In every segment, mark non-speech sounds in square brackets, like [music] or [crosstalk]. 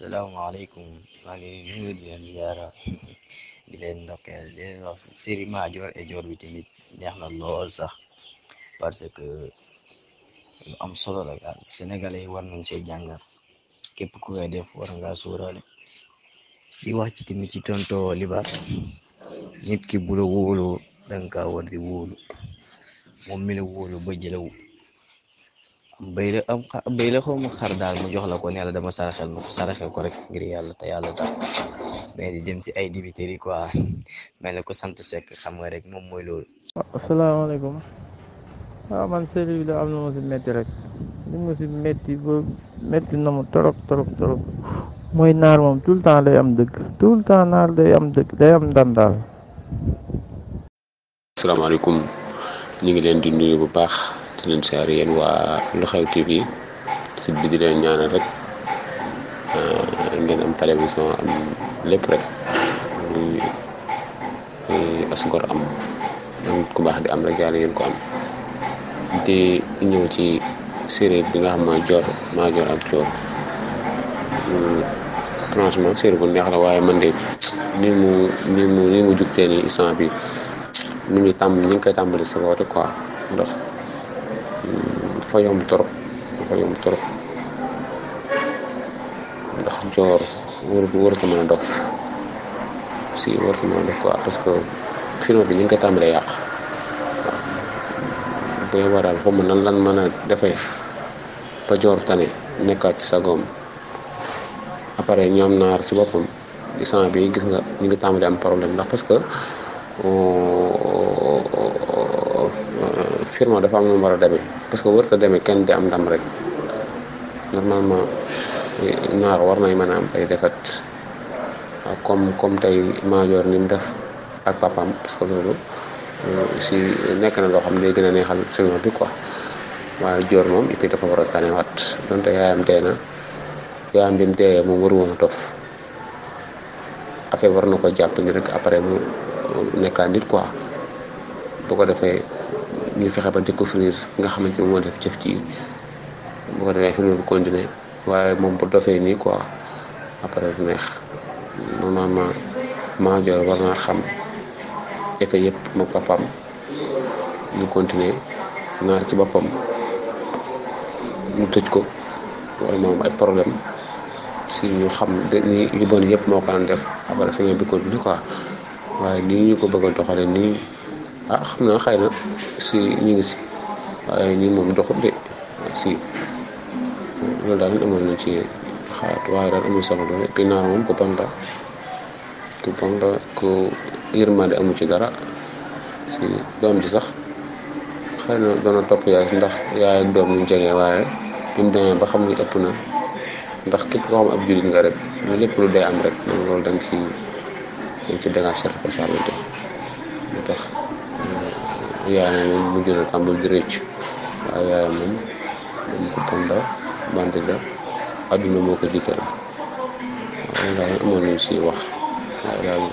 salaamaaleykum maa ngi nuyu di leen ziara [laughs] di leen ndokkeel di leen wax série Madior e neex na lool sax parce que am solo la daal yi war nañ see jàngat képp ku koy def war nga sóoraale di wax ci tamit ci tonto libaas nit ki bu la wóolu danga kaa war di wóolu moom ba jëlawu béy la am xa béy la xaw ma xar daal mu jox la ko ne la dama saraxel ma saraxe ko rek ngir yàlla te yàlla tax mais di jëm si ay dibiteri yi quoi mel ne ko sant Seck xam nga rek moom mooy loolu. asalaamaaleykum waaw man sëriñ bi da am na ma rek li métti na mu torop torop torop mooy naar moom tout le temps day am dëgg tout le temps naar day am dëgg day am leen di nuyu bu baax. di yéen waa lu xew TV site bi di leen ñaanal rek euh, ngeen am télévision rek asgor am ku baax di am rek yàlla ngeen ko am di ñëw ci série bi nga xam mooy joor maa joor ak joor hmm, franchement série bu neex la waaye man de ni mu ni mu ni mu jugtee ni bi ni muy tàmbali ni nga koy tàmbali sa woote quoi ndox dafa yomb trop dafa yomb trop ndax joor wër wëratu mën a dof si wëratu mën a dof quoi parce que film bi ñu ngi ko tàmbalee yàq waaw bu yeboo daal xaw ma nan lan mën a defee ba joor tane nekkaat ci sagoom après ñoom naar si boppam bi gis nga ñu ngi tàmbalee am problème ndax parce que. Euh, firma dafa am nu mu war a demee parce que wër sa demee kenn di am ndam rek normalement naar war nay mën a am ay defet comme comme tey maajoor ni mu def ak papaam parce que loolu euh, si nekk na loo xam ne day gën a neexal seulement bi quoi waaye joor moom et puis dafa war a tanewaat donte yaayam dee na yaayam bim mu dee moom waru woon dof affaire war na ko jàpp ni rek après mu nekkaat nit quoi ko defee. ñu fexe ba découvrir ki nga xamante ni moo def jëf ci bu ko defee film bi continuer waaye moom bu dofee nii quoi après neex normalement maa joor war naa xam effet yëpp moom papaam ñu continuer naar ci boppam ñu tëj ko walla moom ay problème si ñu xam ni yu bon yëpp moo ko def après film bi continuer quoi waaye nii ñu ko bëgg a nii. ah xam na xëy na si ñu ngi si waaye nii moom doxul de si loolu daal amoon na ci xaat waaye daal amul solo doole puis naar moom ku bon ku bon la ku amu ci dara si doom ji sax xëy na doon topp yaay ndax yaay ak doom ñu jege waaye bi mu demee ba xam ni ëpp na ndax képp koo xam ab jullit nga rek lépp lu day am rek loolu da nga ciy da nga ci dégg lu tax euh, yaay moom mu jural tàmbal di rëcc waaw yaay moom moom ko panda bandi la àdduna moo ko dikkal waaw amoon nañ si wax waaye daal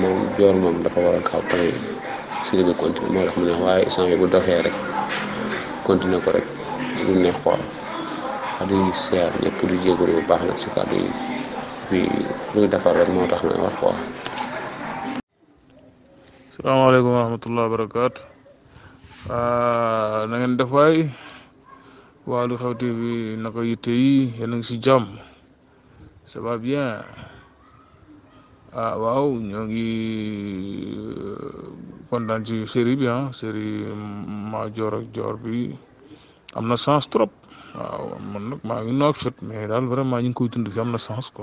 moom joor moom dafa war a gaaw pare si li nga continué moo tax mu ne waaye instant bu dafee rek continué ko rek lu neex quoi wax di siyaar ñëpp di jégalu bu baax nag ci kàddu yi bi luy defar rek moo tax may wax quoi salaamaaleykum wa rahmatulah barakaatu ah, na ngeen def waay waa Lu Xew TV naka yitte yi yéen a ngi si jàmm ça va bien ah waaw ñoo ngi euh, kontaan ci série bi ah série Madior ak bi am na sens trop waaw man nag maa ngi noog sut mais daal vraiment ñu ngi koy tund fi am na sens ko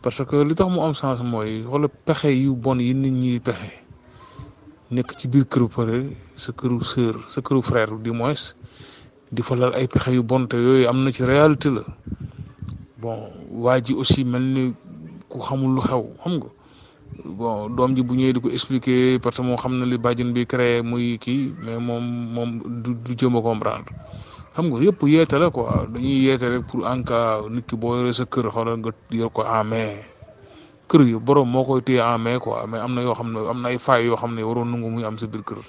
parce que li tax mu am sens mooy wala pexe yu bon yi nit ñi pexe. nekk ci biir këru pare sa këru sœur sa këru frère du moins di fa ay pexe yu bon te yooyu am na ci réalité la bon waa ji aussi mel ni ku xamul lu xew xam nga bon doom ji bu ñëwee di ko expliquer parce que moo xam na li bàjjen bi créé muy kii mais moom moom du du jëm a comprendre xam nga yëpp yeete la quoi dañuy yeete rek pour en cas nit boo yore sa kër xoolal nga yor ko amee. kër yi borom moo koy téye en main quoi mais am na yoo xam ne am na ay failles yoo xam ne waroon nangu muy am sa biir kër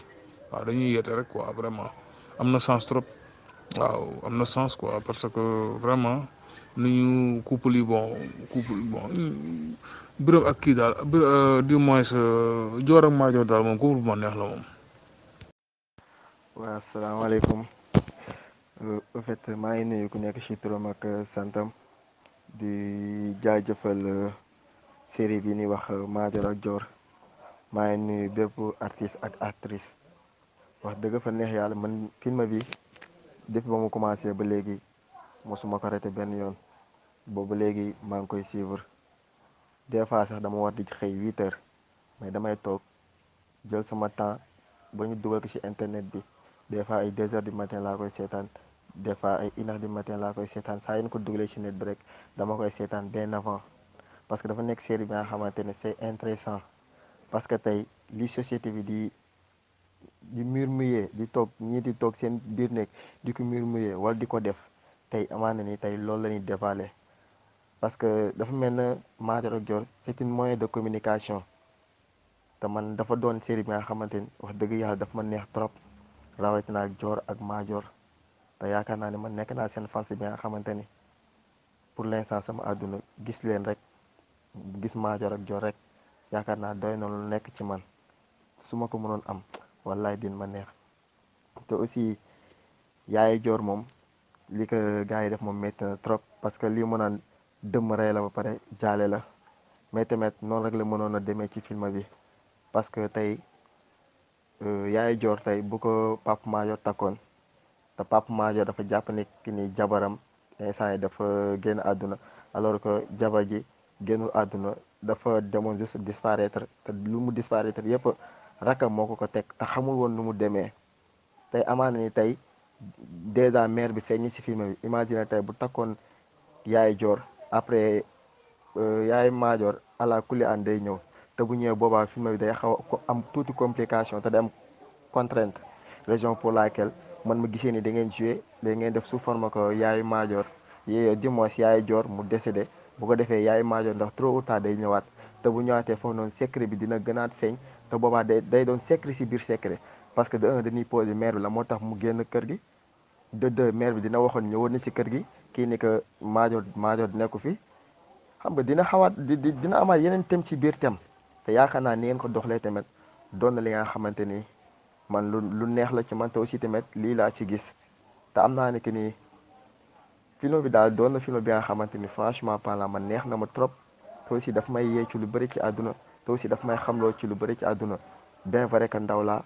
waaw dañuy yeete rek quoi vraiment am na sens trop waaw am na sens quoi parce que vraiment nu ñu couple yi bon couple ak kii daal euh, du moins euh, Dior ak Madior daal moom couple bu ma neex la moom. waaw asalaamaaleykum en euh, fait maa ngi nuyu ku nekk ci turam ak santam di jaajëfal. série bi ni wax euh, Madior ak Dior maa ngi nuyu bépp artiste ak actrice wax dëgg fa neex yàlla man film bi depuis ba mu commencé ba léegi mosuma ko arrêté benn yoon boobu léegi maa ngi koy suivre des fois sax dama war di xëy huit heures mais damay toog jël sama temps ba ñu dugal ko ci internet bi des fois ay deux heures du matin laa koy seetaan des fois ay une heure du matin laa koy seetaan saa yu ko dugalee ci net bi rek dama koy seetaan bien avant parce que dafa nekk série bi nga xamante ne c'est intéressant parce que tey li société bi di di murmurer di toog ñii di toog seen biir nekk di ko murmurer wala di ko def tey amaana ni tey loolu lañuy ñuy parce que dafa mel na Madior ak Dior c'est une moyen de communication te man dafa doon série bi nga xamante ni wax dëgg yàlla dafa ma neex trop rawatina ak joor ak Madior te yaakaar naa ne man nekk naa seen fans bi nga xamante ni pour l'instant sama àdduna gis leen rek gis maajoor ak joor rek yaakaar naa doy na lu nekk ci man su ma ko mënoon am wallaay din ma neex te aussi yaay joor moom li ko gars yi def moom métti na trop parce que lii mu naan dëmm rey la ba pare jaale la mais tamit noonu rek la mënoon a demee ci film bi parce que tey euh, yaay joor tey bu ko Pape Madior takkoon te Pape Madior dafa jàpp ne ki ni jabaram instant yi dafa génn àdduna alors que jabar ji génnul àdduna dafa demoon juste disparaître te lu mu disparaître yëpp rakkam moo ko ko teg te xamul woon nu mu demee te amaana ni tey dèjà maire bi fee feeñ si film bi imagine tey bu takkoon yaay joor après euh, yaay maajoor ala kulli an day ñëw te bu ñëwee boobaa film bi day xaw am tuuti complication te day am contrainte raison pour laquelle man ma gisee ni da ngeen joué da def sous forme ko yaay maajoor yooyu dimanche yaay joor mu décédé bu ko defee yaay majeur ndax trop ou day ñëwaat te bu ñëwaatee foofu noonu secret bi dina gënaat feeñ te boobaa day day doon secret si biir secret parce que de un dañuy posé maire bi la moo tax mu génn kër gi de maire bi dina waxoon ñëwoon si kër gi kii ni que major major nekku fi xam nga dina xawaat di dina amaat yeneen tem ci biir thème te yaakaar naa ni ngeen ko doxlee tamit doon na li nga xamante ni man lu lu neex la ci man aussi tamit lii laa ci gis te am naa ne que ni film bi daal doon na film bi nga xamante ni franchement parlant man neex na ma trop te aussi daf may yee ci lu bëri ci àdduna te aussi daf may xamloo ci lu bëri ci àdduna bien vrai que ndaw laa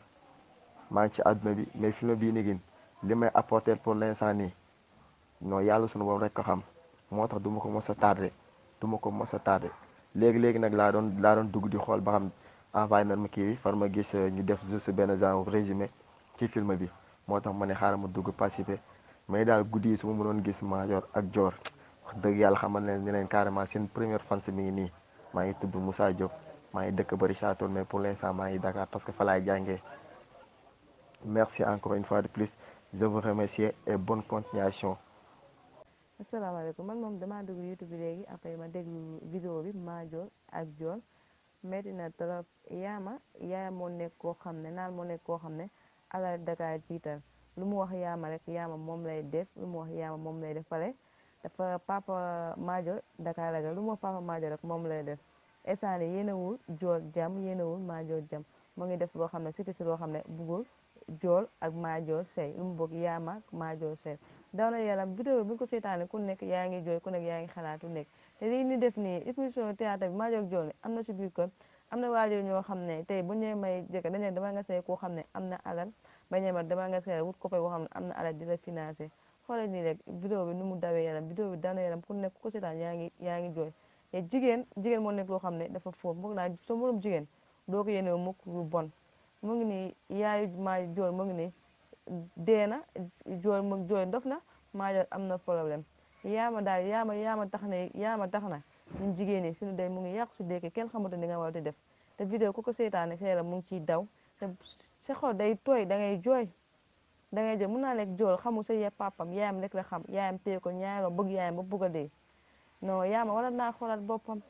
maa ngi ci àdduna bi mais film bii nigin li may apporter pour l'instant nii non yàlla sunu borom rek ko xam moo tax du ma ko mos a tardé du ma ko mos a tardé léegi-léegi nag laa doon laa doon dugg xool ba xam envoyé na ma kii far ma gis euh, ñu def juste benn genre résumé ci film bi moo tax ma ne xaaral ma dugg participer mais daal guddi yi su ma mënoon gis Madior ak Dior wax dëgg yàlla xamal leen ne leen carrément seen première fans mu ngi nii maa ngi tudd Moussa Diop maa dëkk bëri richard mais pour l'instant maa ngi Dakar parce que fa laay merci encore une fois de plus je vous remercie et bonne continuation. asalaamaaleykum man moom damaa dugg YouTube léegi après ma déglu vidéo bi Madior ak Dior metti na trop yaama yaaya moo nekk koo xam ne naan moo nekk koo xam ne ala Dakar jiital. lu mu wax yaama rek yaama moom lay def lu mu wax yaama moom lay def pare dafa papa Maajo Dakar la lu mu wax papa Maajo rek moom lay def instant yii yéenewul jool jam yéenewul Maajo jam mu ngi def loo xam ne surtout si loo xam ne buggul jool ak Maajo sey lu mu bëgg yaama ak Maajo sey daw na yaram vidéo ko seetaane ku nekk yaa ngi jooy ku nekk yaa ngi xalaatu nekk te lii ñu def nii émission théâtre bi Maajo ak jool am na si biir kër am na waajur ñoo xam ne tey bu ñëwee may jëkk dañu dama nga sey koo xam ne am na alal ba a mar damaa nga seet wut copain boo xam am na alal di la financé xoolal nii rek vidéo bi nu mu dawee yaram vidéo bi dana yaram ku nekk ku seetaan yaa ngi yaa ngi jooy te jigéen jigéen moo nekk loo xam ne dafa fo moog naa sa morom jigéen doo ko yéene mukk lu bon mu ngi nii yaayu ma jooy mu ngi nii dee na jooy mu jooy ndof na maa jooy am na problème yaama daal yaama yaama tax na yaama tax na ñun jigéen ñi suñu day mu ngi yàqu si deekee kenn xamatu ni nga war def te vidéo ku ko seetaane sa yaram mu ngi ciy daw sa day tooy da ngay jooy dangay ngay jooy mun naa nekk jool xamul sa yee papam yaayam rek la xam yaayam téye ko ñaaroo bëgg yaayam ba bëgg a dee naa xoolaat boppam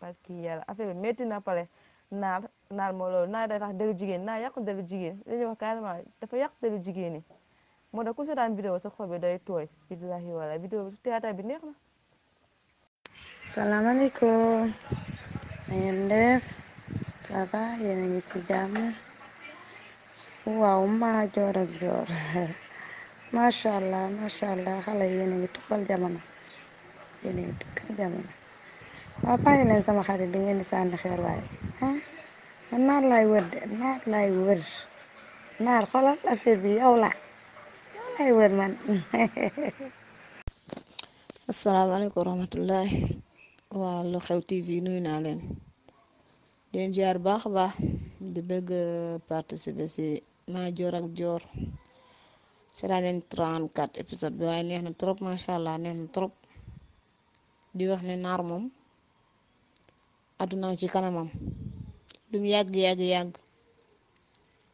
parce que yàlla affaire bi métti na pare naar naar moo loolu naar day tax deru jigéen naar yàqu deru jigéen dañuy wax carrément dafa yàqu deru jigéen yi moo tax ku seetaan vidéo sa xol bi day tooy billahi wala vidéo bi théâtre waaw maa joor ak joor [laughs] macha allah macha allah xale yéen a tukkal jamono yéen tukkal jamono waaw bàyyi sama xarit bi ngeen di sànni xeer waaye ah man naar naar laay wër naar xoolal affaire bi yow la yow laay wër man. [laughs] asalaamaaleykum wa rahmatullahi waa lu xew TV nuyu naa leen. den jaar baax di bëgg euh, participer Madior ak Dior ci laa leen 34 épisode bi waaye neex na trop macha allah neex na trop di wax ne naar moom àdduna ci kanamam lu yàgg yàgg yàgg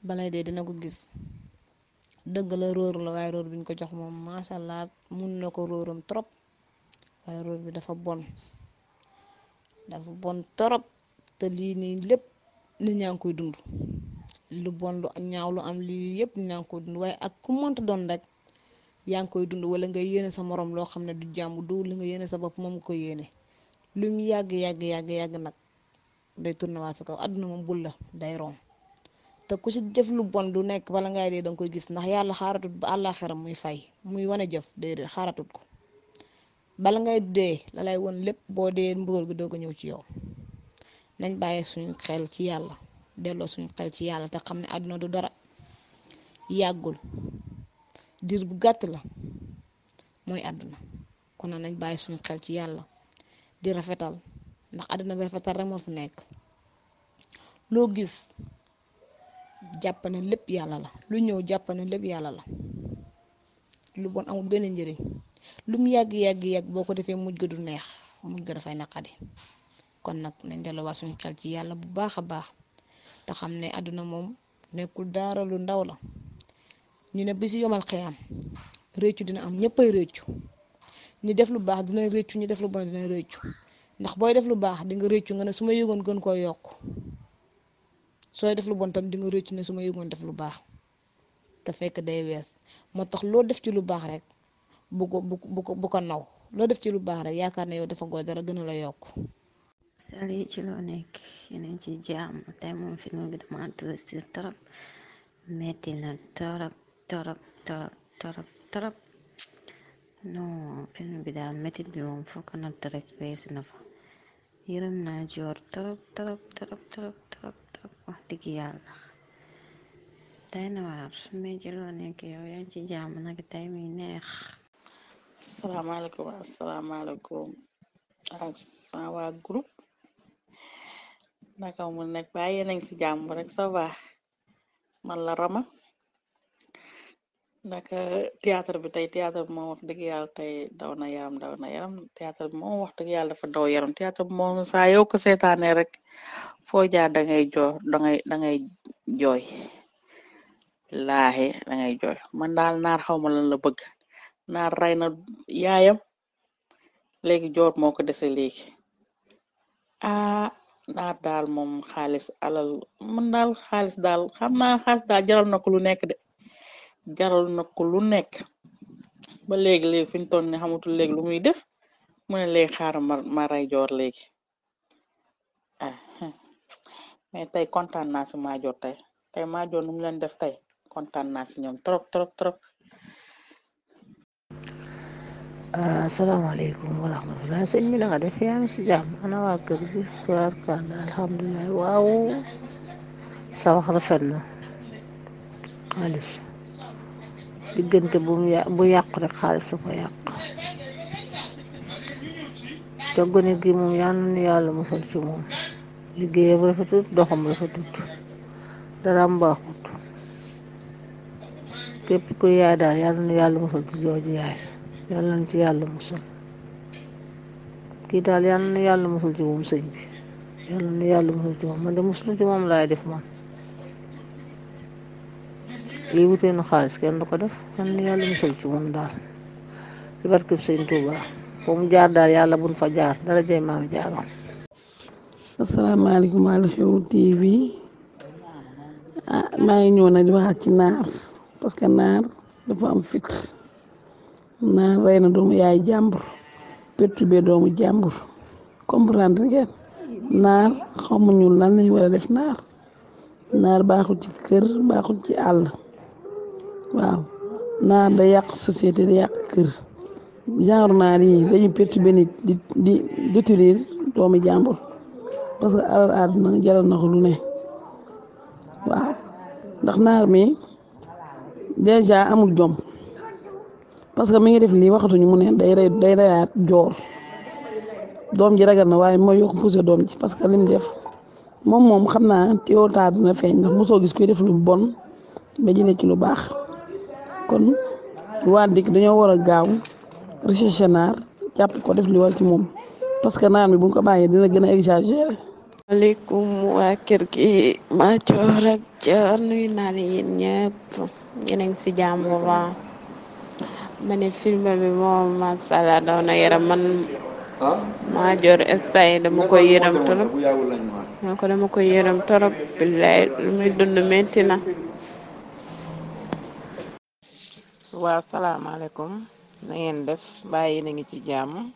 balay de dina ko gis dëgg la róor la waaye róor bi ñu ko jox moom macha allah mun na ko róoram trop waaye róor bi dafa bon dafa bon trop te lii nii lépp nit ñaa ngi koy dund. lu bon lu ñaaw lu am lii yëpp ñaa ngi koy dund waaye ak ku mënta doon rek yaa ngi koy dund wala ngay yéene sa moroom loo xam ne du jàmm du li nga yéene sa bopp moom nga ko yéene lu mu yàgg yàgg yàgg yàgg nag day tourné waa sa kaw àdduna moom bul la day romb te ku ci jëf lu bon du nekk bala ngay dee da koy gis ndax yàlla xaaratut ba àllaaxira muy fay muy wane jëf déedéet xaaratut ko bala ngay dee la lay won lépp boo dee mbugal bi doog a ñëw ci yow nañ bàyyi suñu xel ci yàlla. delloo suñ xel ci yàlla te xam ne àdduna du dara yàggul diir bu gàtt la mooy àdduna kon nañ bàyyi suñu xel ci yàlla di rafetal ndax àdduna bi rafetal rek moo fi nekk loo gis jàpp lépp yàlla la lu ñëw jàpp lépp yàlla la lu bon amul benn njëriñ lu mu yàgg yàgg yàgg boo ko defee mujj ga du neex mujj ga dafay naqadi nag nañ delloo war suñ xel ci yàlla bu baax a baax. te xam ne àdduna moom nekkul dara lu ndaw la ñu ne bisi si yomal xëyam réccu dina am ñëppay réccu ñu def lu baax dina réccu ñu def lu bon dina ndax booy def lu baax di nga réccu nga ne su ma yëgoon gën koo yokk sooy def lu bon tam di nga réccu ne su ma yëgoon def lu baax te fekk day wees moo tax loo def ci lu baax rek bu ko bu ko bu ko naw loo def ci lu baax rek yaakaar ne yow dafa goo dara gën la yokk sali ci loo nekk yeneen ci jàmm tey moom film bi dama triste torop metti na torop torop torop torop torop non film bi daal metti bi moom foo ko natt rek weesu na fa yërëm naa joor torop torop torop torop torop torop wax dëgg yàlla day na waar mais ci loo nekk yow yaa ngi ci jàmm nag tey muy neex asalaamaaleykum asalaamaaleykum ak sama waa groupe naka mu nekk ba yenañ ci jàmm rek ça va man la Rama naka théâtre bi tey théâtre bi wax dëgg yàlla tey daw na yaram daw na yaram théâtre bi moom wax dëgg yàlla dafa daw yaram théâtre bi moom saa yow ko seetaane rek foo jaar da ngay joo dangay jooy laaxe da ngay jooy man daal naar xaw ma lan la bëgg naar rey na yaayam léegi joor moo ko dese léegi ah, laab daal moom xaalis alal man daal xaalis daal xam naa xaalis daal jaral na ko lu nekk de jaral na ko lu nekk ba léegi léegi fi mu toll nii xamatul léegi lu muy def mu ne léegi xaaral ma joor léegi ah mais tey kontaan naa si maa tey tey maa joor nu leen def tey kontaan naa si ñoom trop trop trop. asalaamaaleykum wa rahmatulah sëñ bi la nga def ana waa kër gi tubaarkalla alhamdulilah waaw sa wax rafet na xaalis diggante bu bu yàqu rek xaalis da ko yàq ca gone gi moom yal na yàlla musal ci moom liggéeyam rafetut doxam rafetut daraam baaxut képp ku yaay daal yal na yàlla musal ci jooju yaay. yàlla na ci yàlla musal kii daal yàlla na yàlla musal ci moom sëñ bi yàlla na yàlla musal ci moom man de muslu ci moom laay def man lii wutee na xaalis kenn du ko def yàlla na yàlla musal ci moom daal ci barkeb sëñ Tuuba foo mu jaar daal yàlla buñ fa jaar dara jay maam jaaroon asalaamaaleykum Lu Xew TV ah maa ngi ñëw nag di naar parce naar dafa fit na rey na doomu yaay jàmbur perturbé doomu jàmbur comprendre ngeen naar xamuñu lan lañu war a def naar naar baaxul ci kër baaxul ci àll waaw naar da yàq société da yàq kër genre naar yi dañu perturbé nit di di détruire doomu jàmbur parce que alal àdduna jaral na ko lu ne waaw ndax naar mi déjà amul jom parce que mi ngi def lii waxatuñu mu ne day rey day reyaat joor doom ji ragal na waaye mooy yokk poussé doom ji parce que lim def moom moom xam naa teewoo taa dina feeñ ndax mosoo gis kuy def lu bon ba jëlee ci lu baax kon waa dikk dañoo war a gaaw recherche naar jàpp ko def li war ci moom parce que naan bi bu ko bàyyee dina gën a exagéré. maaleykum waa kër ki maa coor ak ca nuyu naa leen ñëpp yéen si jàmm waaw. ma ne film bi moom macha allah daw na yaram man. ah maa joor instant yi dama koy yërëm torop maa ko dama koy yërëm torop billaay muy dund metti na. waaw salaamaaleykum na ngeen def bàyyi na ngi ci jàmm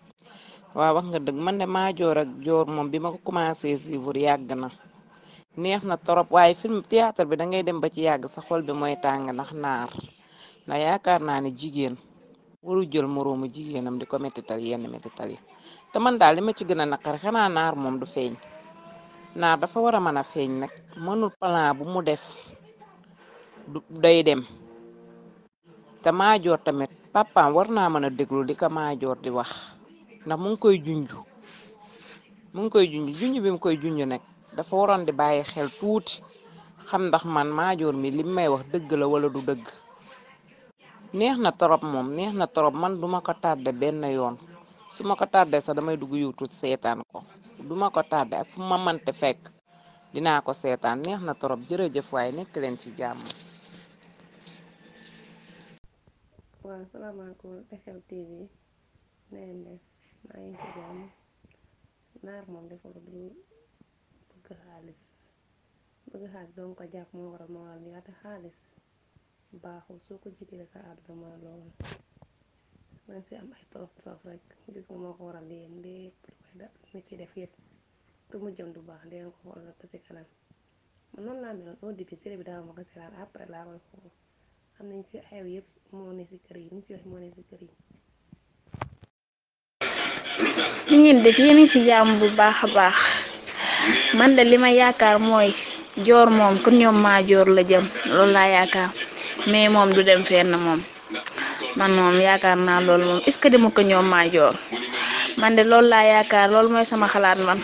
waaw wax nga dëgg man de maa joor ak joor moom bi ma ko commencé suivre yàgg na neex na torop waaye film théâtre bi da ngay dem ba ci yàgg sa xol bi mooy tàng ndax naar na yaakaar naa ne jigéen. waru jël moroomu jigéenam di ko metital yenn mettital yi te man daal li ma ci gën a naqari xanaa naar moom du feeñ naar dafa war a mën a feeñ nag mënul plan bu mu def day dem te maajoor tamit papaam war naa mën a déglu li ko maajoor di wax ndax mu ngi koy junj mu ngi koy junj junj bi mu koy junj nag dafa waroon di bàyyi xel tuuti xam ndax man maajoor mi li may wax dëgg la wala du dëgg neex na torop moom neex na torop man duma ko tardé benn yoon su ma ko tardé sax damay dugg YouTube seetaan ko duma ko tardé ak ma mante fekk dinaa ko seetaan neex na torop jëf waaye nekk leen ci jàmm. waaw salaamaaleykum Xew def maa ngi bëgg xaalis bëgg xaalis doon ko jàpp moo waral moo waral xaalis. baaxul soo ko jiitee sa àdduna mën si am ay tolof tolof gis nga moo ko waral yéen lépp lu koy def yëpp te mu jëm baax deen ko xool rek si kanam man noonu laa meloon au début série bi xam nañ si xew yëpp moo ne si kër yi ñu si wax kër yi ñu ngeen def yéen ci jàmm bu baax a baax man de li ma yaakaar mooy joor moom ku ñoom maa joor la jëm loolu laa yaakaar mais moom du dem na moom man moom yaakaar naa loolu moom est-ce que dama ko ñoom maa joor man de loolu laa yaakaar loolu mooy sama xalaat man.